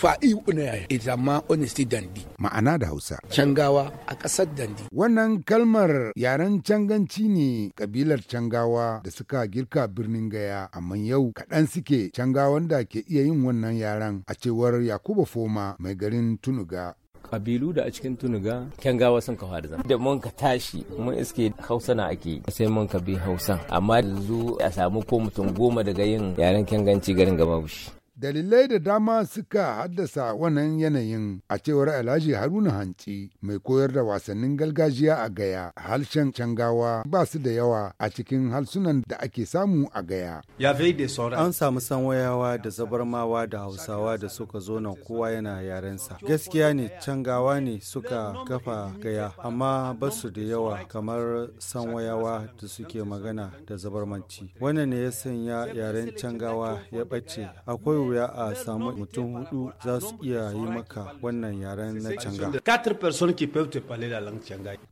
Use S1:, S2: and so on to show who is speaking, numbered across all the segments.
S1: fa'i unaya ma honesty
S2: dandi ma'ana da hausa cangawa a ƙasar dandi wannan kalmar yaren canganci ne kabilar cangawa da suka girka birnin gaya amma yau kaɗan suke cangawan da ke iya yin wannan yaren a cewar yakuba foma mai garin tunuga
S3: kabilu da a cikin tunuga
S1: kyangawa sun kawo da zama da mun ka tashi mun iske hausa na ake sai mun ka bi hausa amma yanzu a samu ko mutum goma daga yin yaren kyanganci garin gaba bushi
S2: Dalilai da dama suka haddasa wannan yanayin a cewar Alhaji Haruna Hanci mai koyar da wasannin gargajiya a Gaya harshen Cangawa ba su da yawa a cikin harsunan da ake samu a Gaya.
S3: An samu sanwayawa da zabarmawa da Hausawa da suka zo na kowa yana yarensa. Gaskiya ne Cangawa ne suka kafa Gaya amma ba su da yawa kamar sanwayawa da suke magana da zabarmanci. Wannan ne ya sanya yaren Cangawa ya ɓace. Akwai wuya a samu mutum hudu za su iya yi maka wannan yaren na canga.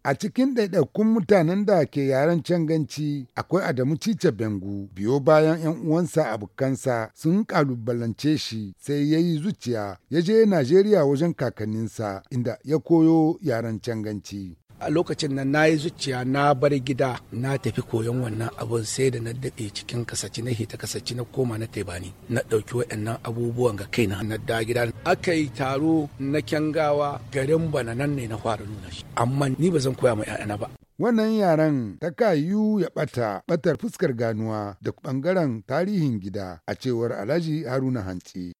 S2: A cikin ɗaiɗaikun mutanen da ke yaren canganci akwai Adamu Cice Bengu biyo bayan 'yan uwansa abokansa sun kalubalance shi sai ya yi zuciya ya je Najeriya wajen kakanninsa inda ya koyo yaren canganci. a lokacin nan na yi zuciya na bar
S1: gida na tafi koyon wannan abun sai da na daɗe cikin kasace na hita kasaci na koma na taibani na ɗauki waɗannan abubuwan ga kaina na da gida aka yi taro na kyangawa garin bananan ne na fara nuna shi amma ni ba zan koya ma 'ya'yana ba
S2: Wannan yaren ta kayu ya bata ɓatar fuskar ganuwa da ɓangaren tarihin gida a cewar Alhaji Haruna hanci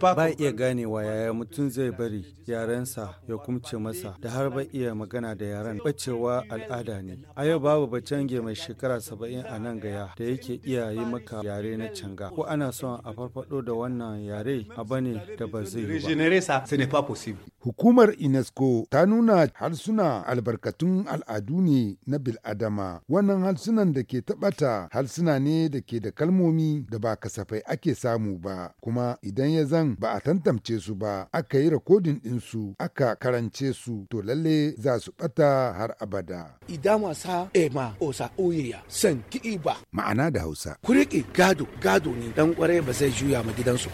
S3: Ba iya ganewa yaya mutum zai bari yarensa ya kumce masa da har ba iya magana da yaren bacewa al'ada ne. A yau babu bacange mai shekara saba'in a nan gaya da yake iya yi maka yare na canga. Ko ana son a farfado da wannan yare a bane da ba zai yi ba.
S2: Hukumar UNESCO ta nuna harsuna albarkatun al'adu ne na bil'adama. Wannan harsunan da ke taɓata harsuna ne da ke da kalmomi da ba kasafai ake samu ba, kuma idan ya zan ba a tantamce su ba, aka yi rakodin ɗinsu, aka karance su, to lalle za su ɓata har abada. Idama sa ema osa oyeya san ki'i ba. Ma'ana da Hausa. Ku gado, gado ne dan ƙwarai
S1: ba zai juya ma gidansu.